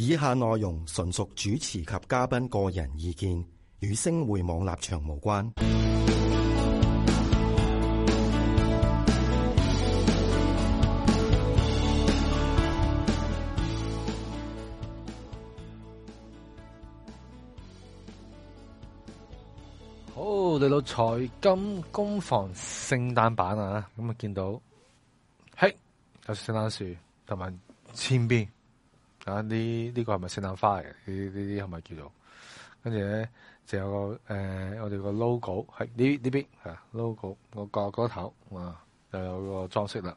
以下內容純屬主持及嘉賓個人意見，與星匯網立場無關。好，嚟到財金工房聖誕版啊！咁啊，見到，係有聖誕樹，同埋前邊。啊！呢呢、這個係咪聖誕花嚟？呢呢啲係咪叫做？跟住咧，就有個誒、呃，我哋個 logo 喺呢呢邊，邊啊。logo 個角嗰頭啊，又有個裝飾啦。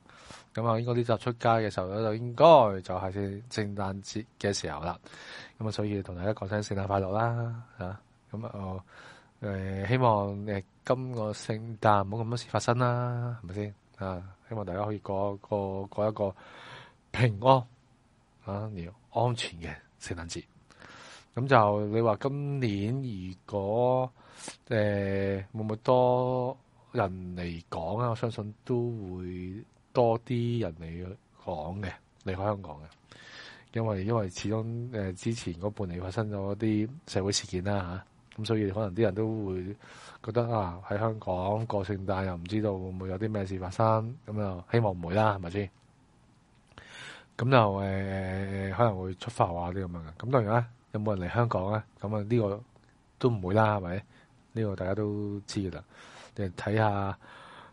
咁、嗯、啊，應該呢集出街嘅時候咧，就應該就係聖誕節嘅時候啦。咁、嗯、啊，所以同大家講聲聖誕快樂啦，吓咁啊，嗯、我誒、呃、希望誒今個聖誕唔好咁多事發生啦，係咪先啊？希望大家可以過過過一個平安。啊，要安全嘅聖誕節，咁就你話今年如果誒、呃、會唔會多人嚟講啊？我相信都會多啲人嚟講嘅，離開香港嘅，因為因為始終誒、呃、之前嗰半年發生咗啲社會事件啦嚇，咁、啊、所以可能啲人都會覺得啊喺香港過聖誕又唔知道會唔會有啲咩事發生，咁就希望唔會啦，係咪先？咁就誒、呃、可能會出發話啲咁樣嘅。咁當然啦，有冇人嚟香港啊？咁啊，呢個都唔會啦，係咪？呢、呢個大家都知㗎啦。你睇下誒、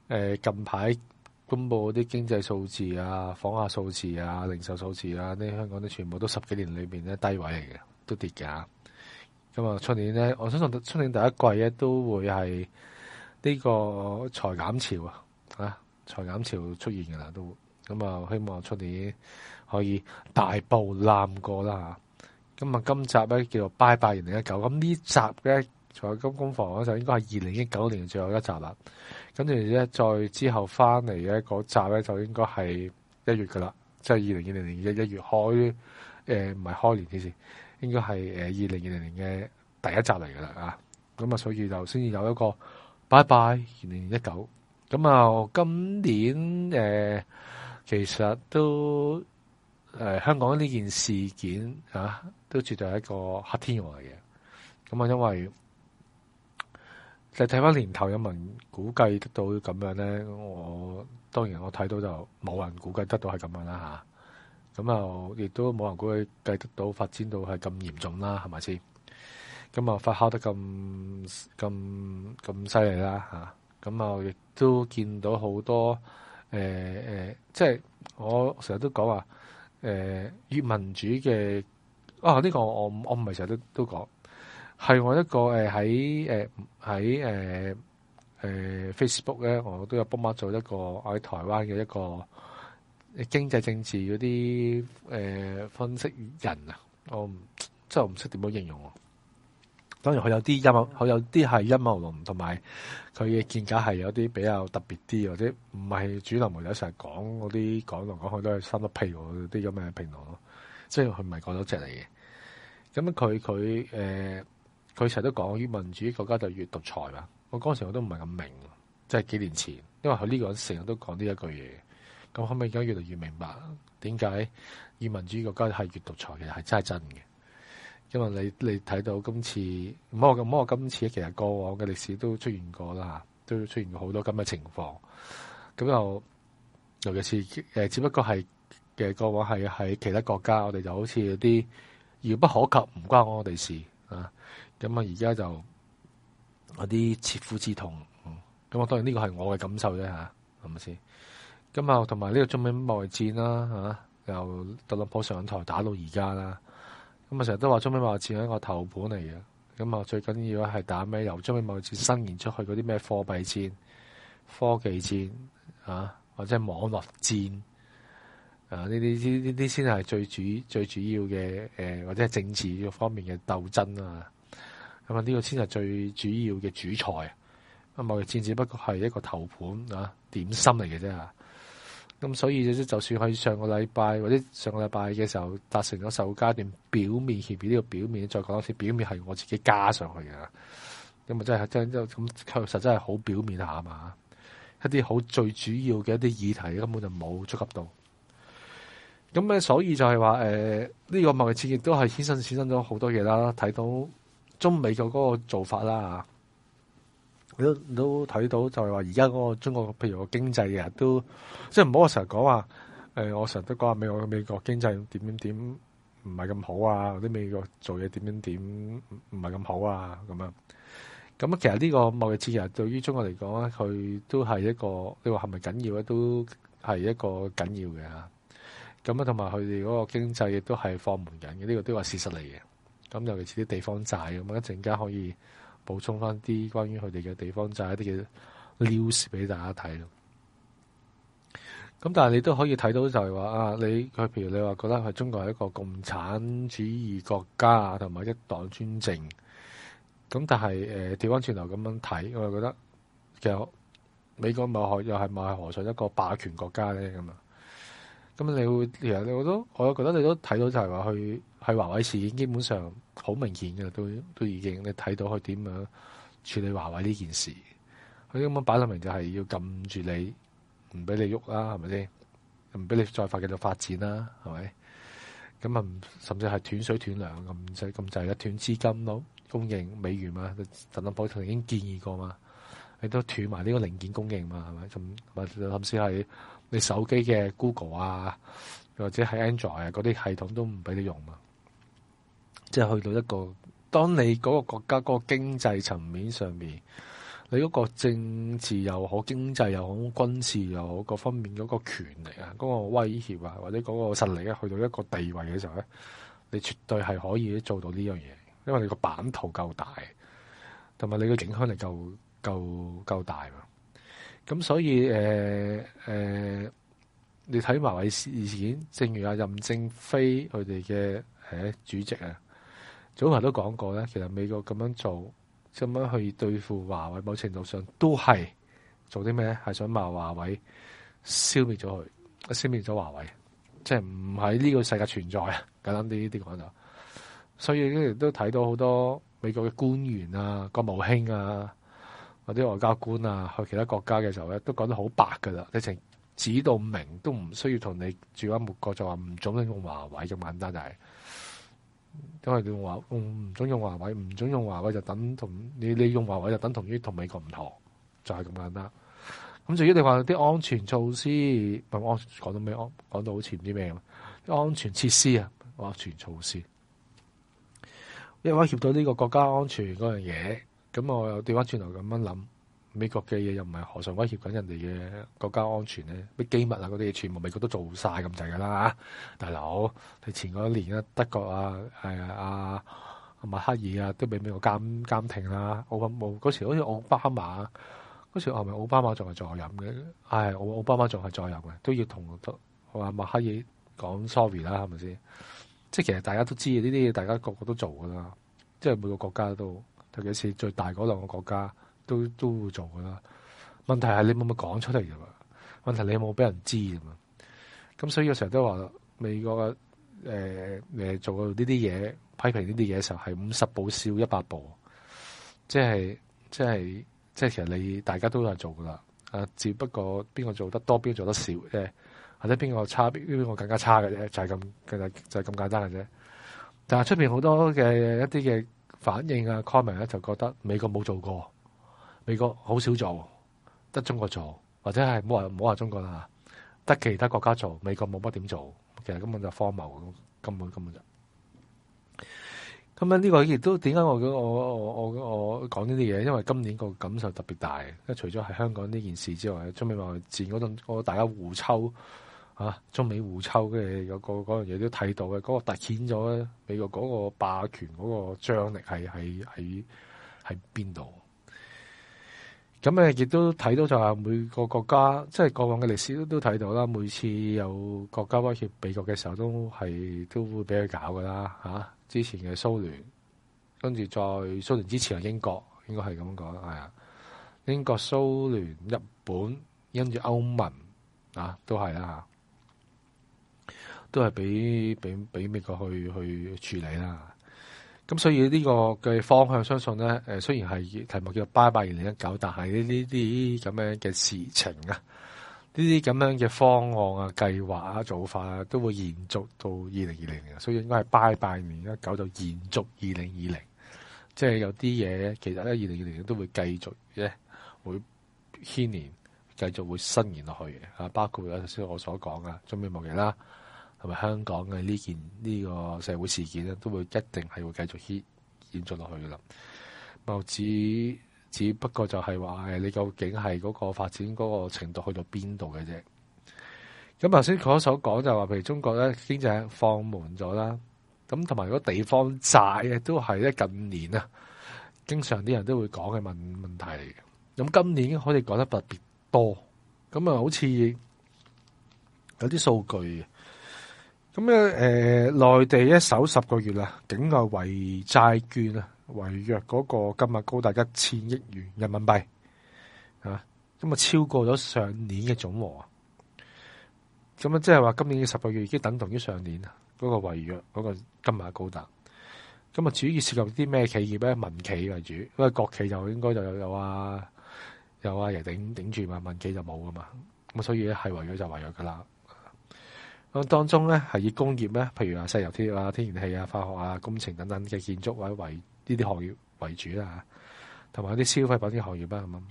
呃，近排公布嗰啲經濟數字啊、房價數字啊、零售數字啊，呢香港都全部都十幾年裏邊咧低位嚟嘅，都跌嘅。咁啊，出年咧，我相信出年第一季咧都會係呢個財減潮啊，啊財減潮出現㗎啦，都會。咁啊，希望出年可以大步攬過啦嚇。咁啊，今集咧叫做拜拜二零一九。咁、啊、呢集咧，財金工房嗰就應該係二零一九年最後一集啦。跟住咧，再之後翻嚟嘅嗰集咧，就應該係一月噶啦，即係二零二零年嘅一月開，誒唔係開年之前，應該係誒二零二零年嘅第一集嚟噶啦，咁啊，所以就先至有一個拜拜二零一九。咁啊，今年誒。呃其實都誒、呃，香港呢件事件吓，都絕對係一個黑天鵝嚟嘅。咁啊，因為你睇翻年頭有冇人估計得到咁樣咧，我當然我睇到就冇人估計得到係咁樣啦吓。咁、啊、又亦都冇人估計計得到發展到係咁嚴重啦，係咪先？咁啊，我發酵得咁咁咁犀利啦吓。咁啊，我亦都見到好多。誒、呃、誒即係我成日都講話誒粵民主嘅啊呢、這個我我唔係成日都都講，係我一個誒喺誒喺誒誒 Facebook 咧，我都有幫忙做一個我喺台灣嘅一個經濟政治啲誒分析人啊，我唔即係我唔識點樣形容啊！當然佢有啲陰謀，佢有啲係陰謀論，同埋佢嘅見解係有啲比較特別啲，或者唔係主流媒體成日講嗰啲講嚟講去都係三粒屁嗰啲咁嘅評論咯。即係佢唔係講咗只嚟嘅。咁佢佢誒佢成日都講，以、呃、民主國家就係越獨裁嘛。我嗰時我都唔係咁明，即係幾年前，因為佢呢個成日都講呢一句嘢。咁後屘而家越嚟越明白點解以民主國家係越獨裁嘅，係真係真嘅。因為你你睇到今次，唔好話唔今次，其實過往嘅歷史都出現過啦，都出現好多咁嘅情況。咁又尤其是、呃、只不過係嘅過往係喺其他國家，我哋就好似有啲遙不可及，唔關我哋事啊。咁、嗯、啊，而家就有啲切膚之痛，咁我當然呢個係我嘅感受啫，係咪先？咁啊，同埋呢個中美貿易戰啦，又、啊、由特朗普上台打到而家啦。咁啊，成日都話中美貿易戰係一個頭盤嚟嘅，咁啊，最緊要係打咩？由中美貿易戰伸延出去嗰啲咩貨幣戰、科技戰啊，或者網絡戰啊，呢啲呢啲先係最主最主要嘅、呃、或者係政治方面嘅鬥爭啊。咁啊，呢個先係最主要嘅主菜啊，貿易戰只不過係一個頭盤啊點心嚟嘅啫。咁所以就算佢上個禮拜或者上個禮拜嘅時候達成咗受家階段表面協議，呢個表面，再講多次，表面係我自己加上去嘅，咁為、就是、真係真咁確實真係好表面下嘛，一啲好最主要嘅一啲議題根本就冇觸及到。咁咧所以就係話誒，呢個貿易戰亦都係衍生衍生咗好多嘢啦，睇到中美嘅嗰個做法啦你都你都睇到就係話而家嗰個中國，譬如個經濟啊，都即係唔好我成日講話。我成日都講話美國美國經濟點點點唔係咁好啊，或者美國做嘢點點點唔唔係咁好啊咁樣。咁其實呢個貿易戰其實對於中國嚟講，佢都係一個，你話係咪緊要？都係一個緊要嘅。咁同埋佢哋嗰個經濟亦都係放門緊嘅。呢、呢個都係事實嚟嘅。咁尤其是啲地方債咁樣，一陣間可以。補充翻啲關於佢哋嘅地方，就係、是、一啲嘅 news 俾大家睇咯。咁但係你都可以睇到就是說，就係話啊，你佢譬如你話覺得係中國係一個共產主義國家，同埋一黨專政。咁但係誒，調翻轉頭咁樣睇，我又覺得其實美國咪何又係咪係何在一個霸權國家咧咁啊咁你會其實你我都我都覺得你都睇到就係話佢。係華為事件，基本上好明顯嘅，都都已經你睇到佢點樣處理華為呢件事。佢根本擺到明就係要撳住你，唔俾你喐啦，係咪先？唔俾你再發繼續發展啦，係咪？咁啊，甚至係斷水斷糧咁，所以咁就係一斷資金咯，供應美元嘛，特朗普曾經建議過嘛，你都斷埋呢個零件供應嘛，係咪？咁甚至係你手機嘅 Google 啊，或者係 Android 啊嗰啲系統都唔俾你用嘛。即係去到一個，當你嗰個國家嗰、那個經濟層面上面，你嗰個政治又好，經濟又好，軍事又好，各方面嗰個權力啊，嗰、那個威脅啊，或者嗰個實力咧、啊，去到一個地位嘅時候咧，你絕對係可以做到呢樣嘢，因為你個版圖夠大，同埋你個影響力夠夠夠大嘛。咁所以誒誒、呃呃，你睇華為事件，正如阿任正非佢哋嘅誒主席啊。早排都講過咧，其實美國咁樣做，咁樣去對付華為，某程度上都係做啲咩咧？係想矛華為消，消滅咗佢，消滅咗華為，即係唔喺呢個世界存在。簡單啲啲講就，所以都睇到好多美國嘅官員啊、國務卿啊、或者外交官啊，去其他國家嘅時候咧，都講得好白噶啦，直情指到明，都唔需要同你轉彎抹角，就話唔准用華為咁簡單就係、是。因為佢話唔唔准用華為，唔准用華為就等同你你用華為就等同於同美國唔同，就係咁簡單。咁至於你話啲安全措施，安講到咩，安講到好似唔知咩咁，安全設施啊、安全措施，因為威脅到呢個國家安全嗰樣嘢，咁我又調翻轉頭咁樣諗。美國嘅嘢又唔係何嘗威脅緊人哋嘅國家安全咧？咩機密啊嗰啲嘢，全部美國都做晒咁滯噶啦，大佬，你前嗰一年啊，德國啊，係、哎、啊，麥克爾啊，都俾美國監監聽啦、啊。奧運部嗰時好似奧巴馬，嗰時係咪奧巴馬仲係在任嘅？係、哎，奧奧巴馬仲係在任嘅，都要同德話麥克爾講 sorry 啦，係咪先？即係其實大家都知嘅，呢啲嘢大家個個都做噶啦，即係每個國家都，尤其是最大嗰兩個國家。都都會做噶啦。問題係你冇冇講出嚟啫嘛？問題係你冇俾人知啫嘛？咁所以我成日都話美國嘅誒誒、呃、做呢啲嘢，批評呢啲嘢嘅時候係五十步笑一百步，即係即係即係其實你大家都係做噶啦啊，只不過邊個做得多，邊個做得少，誒或者邊個差，邊個個更加差嘅啫，就係、係、咁就係就咁簡單嘅啫。但係出面好多嘅一啲嘅反應啊 comment 咧，就覺得美國冇做過。美國好少做，得中國做，或者係冇話冇話中國啦，得其他國家做。美國冇乜點做，其實根本就荒謬。根本根本就是，咁樣呢個亦都點解我我我我我講呢啲嘢？因為今年個感受特別大，因為除咗係香港呢件事之外，中美貿易戰嗰陣、那個、大家互抽啊，中美互抽嘅有個嗰樣嘢都睇到嘅，嗰、那個凸顯咗美國嗰個霸權嗰、那個張力係喺喺喺邊度？在在哪裡咁你亦都睇到就係每個國家，即係過往嘅歷史都睇到啦。每次有國家威脅美國嘅時候都，都係都會俾佢搞噶啦。吓、啊，之前嘅蘇聯，跟住再蘇聯之前係英國，應該係咁講，係啊。英國、蘇聯、日本，跟住歐盟，啊，都係啦，都係俾俾俾美國去去處理啦。咁所以呢個嘅方向，相信咧雖然係題目叫做拜拜二零一九，但係呢啲咁樣嘅事情啊，呢啲咁樣嘅方案啊、計劃啊、做法啊，都會延續到二零二零年，所以應該係拜拜二零一九就延續二零二零，即係有啲嘢其實咧二零二零年都會繼續咧會牽連，繼續會伸延落去嘅，包括有頭先我所講啊，中美無緣啦。同埋香港嘅呢件呢個社會事件咧，都會一定係會繼續牽延續落去噶啦。冇只只不過就係話你究竟係嗰個發展嗰個程度去到邊度嘅啫？咁頭先佢所講就話，譬如中國咧經濟放緩咗啦，咁同埋如果地方債嘅都係咧近年啊，經常啲人都會講嘅問問題嚟嘅。咁今年可以講得特別多，咁啊，好似有啲數據。咁咧，誒、呃，內地一首十個月啦，境外違債券啊，違約嗰個金額高達一千億元人民幣，吓、啊，咁啊超過咗上年嘅總和，咁啊即係話今年嘅十個月已經等同於上年啊，嗰個違約嗰個金額高達，咁啊主要涉及啲咩企業咧？民企為主，因為國企就應該就有有啊，有啊，人頂頂住嘛，民企就冇噶嘛，咁所以係係違約就違約噶啦。咁當中咧，係以工業咧，譬如話石油、鐵啊、天然氣啊、化學啊、工程等等嘅建築位為呢啲行業為主啦，同埋有啲消費品啲行業啦咁。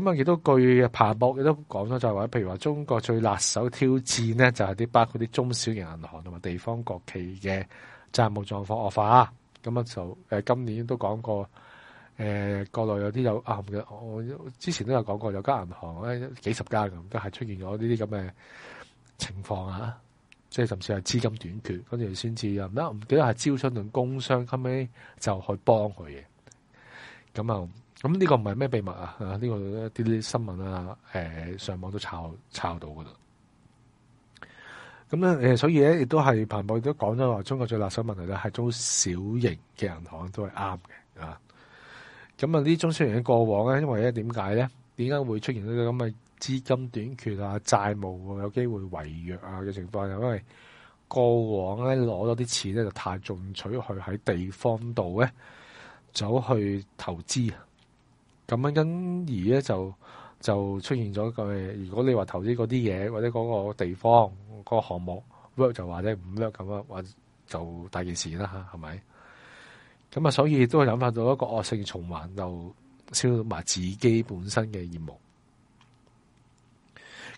咁啊，亦都據彭博亦都講咗，就係、是、話譬如話中國最辣手挑戰咧，就係、是、啲包括啲中小型銀行同埋地方國企嘅債務狀況惡化咁啊，就誒今年都講過，誒、呃、國內有啲有嘅、啊，我之前都有講過，有間銀行咧幾十間咁都係出現咗呢啲咁嘅。情況啊，即係甚至係資金短缺，跟住先至又唔得，唔記得係招商同工商，後尾就去幫佢嘅。咁啊，咁呢個唔係咩秘密啊？呢、這個一啲啲新聞啊，誒、呃，上網都抄抄到噶啦。咁咧誒，所以咧亦都係彭博亦都講咗話，中國最辣手問題咧係、啊、中小型嘅銀行都係啱嘅啊。咁啊，呢中小型嘅過往咧，因為咧點解咧，點解會出現呢個咁嘅？資金短缺啊，債務、啊、有機會違約啊嘅情況，因為過往咧攞咗啲錢咧就太盡取去喺地方度咧走去投資啊，咁樣跟而咧就就出現咗個，如果你話投資嗰啲嘢或者嗰個地方嗰、嗰個項目 work 就或者唔 work 咁啊，或就大件事啦嚇，係咪？咁啊，所以都引發到一個惡性循環，就燒埋自己本身嘅業務。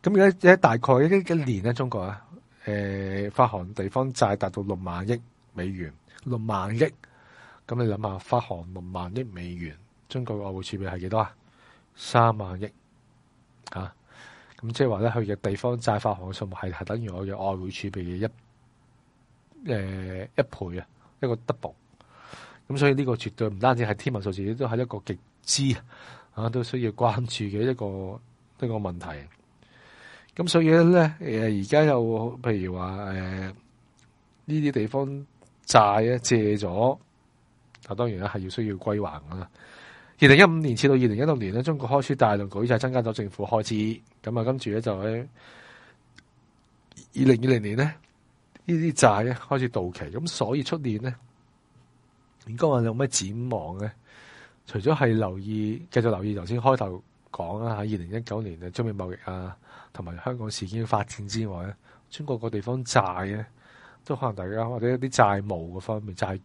咁而家大概一一年咧，中國啊，誒發行地方債達到六萬億美元，六萬億。咁你諗下，發行六萬億美元，中國嘅外匯儲備係幾多啊？三萬億啊！咁即係話咧，佢嘅地方債發行嘅數目係係等於我嘅外匯儲備嘅一誒、呃、一倍啊，一個 double。咁所以呢個絕對唔單止係天文數字，都係一個極之啊都需要關注嘅一個一個問題。咁所以咧，誒而家又譬如話誒呢啲地方債咧借咗，啊當然咧係要需要歸還噶啦。二零一五年至到二零一六年咧，中國開始大量舉債，增加咗政府開支，咁啊跟住咧就喺二零二零年咧呢啲債咧開始到期，咁所以出年咧應該話有咩展望咧？除咗係留意，繼續留意頭先開頭。講啦喺二零一九年嘅中美貿易啊，同埋香港事件嘅發展之外咧，中國個地方債咧，都可能大家或者一啲債務個方面債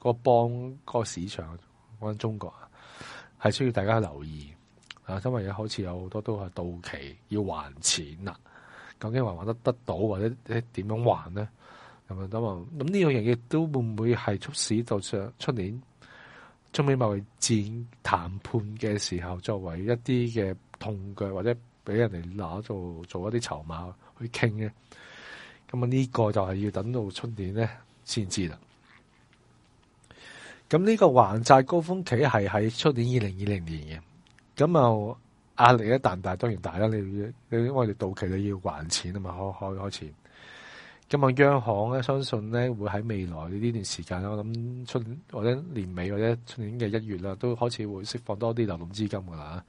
個幫個市場，我喺中國啊，係需要大家留意啊，因為好像有好似有好多都係到期要還錢啦，究竟還還得得到，或者點樣還咧咁啊？咁啊，咁呢樣嘢亦都會唔會係促使到上出年？中美貿易戰談判嘅時候，作為一啲嘅痛腳或者俾人哋拿做做一啲籌碼去傾嘅，咁啊呢個就係要等到出年咧先知啦。咁呢個還債高峰期係喺出年二零二零年嘅，咁啊壓力一旦大，當然大啦。你你我哋到期你要還錢啊嘛，開開開始。咁啊，央行咧，相信咧會喺未來呢段時間啦。我諗出或者年尾或者出年嘅一月啦，啊，都開始會釋放多啲流動資金噶啦。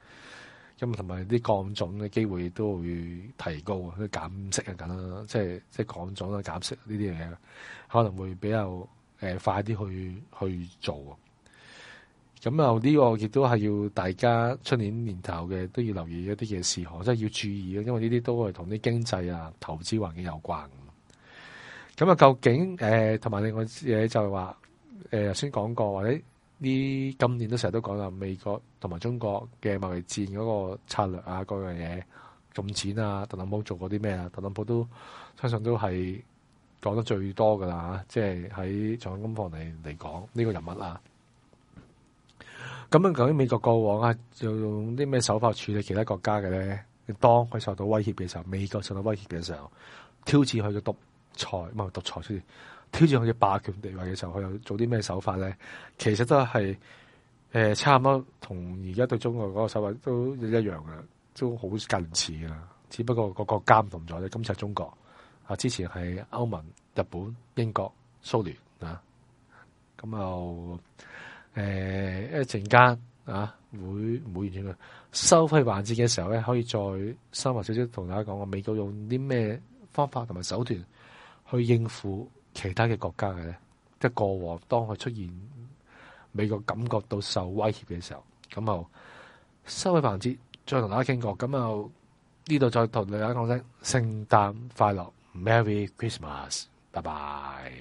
咁同埋啲降準嘅機會都會提高，減息啊，緊啦，即係即係降準啦，減息呢啲嘢，可能會比較誒、呃、快啲去去做。咁又呢個亦都係要大家出年年頭嘅都要留意一啲嘅事項，即係要注意咯，因為呢啲都係同啲經濟啊、投資環境有關。咁啊，究竟誒同埋另外嘢就係話，誒頭先講過，或者呢今年都成日都講啦，美國同埋中國嘅貿易戰嗰個策略啊，嗰樣嘢，咁錢啊，特朗普做過啲咩啊？特朗普都相信都係講得最多噶啦，即係喺財金工房嚟嚟講呢個人物啦。咁啊，關於美國過往啊，就用啲咩手法處理其他國家嘅咧？當佢受到威脅嘅時候，美國受到威脅嘅時候，挑戰佢嘅獨。財唔係獨裁，先挑戰佢嘅霸權地位嘅時候，佢又做啲咩手法咧？其實都係誒、呃，差唔多同而家對中國嗰個手法都一樣嘅，都好近似嘅。只不過那個個監同咗啫。今次係中國啊，之前係歐盟、日本、英國、蘇聯啊，咁又誒一陣間啊，會唔會完全嘅？收費環節嘅時候咧，可以再深入少少同大家講，我美國用啲咩方法同埋手段？去應付其他嘅國家嘅咧，即係過往當佢出現美國感覺到受威脅嘅時候，咁就收尾。彭志再同大家傾過，咁就呢度再同大家講聲聖誕快樂，Merry Christmas，拜拜。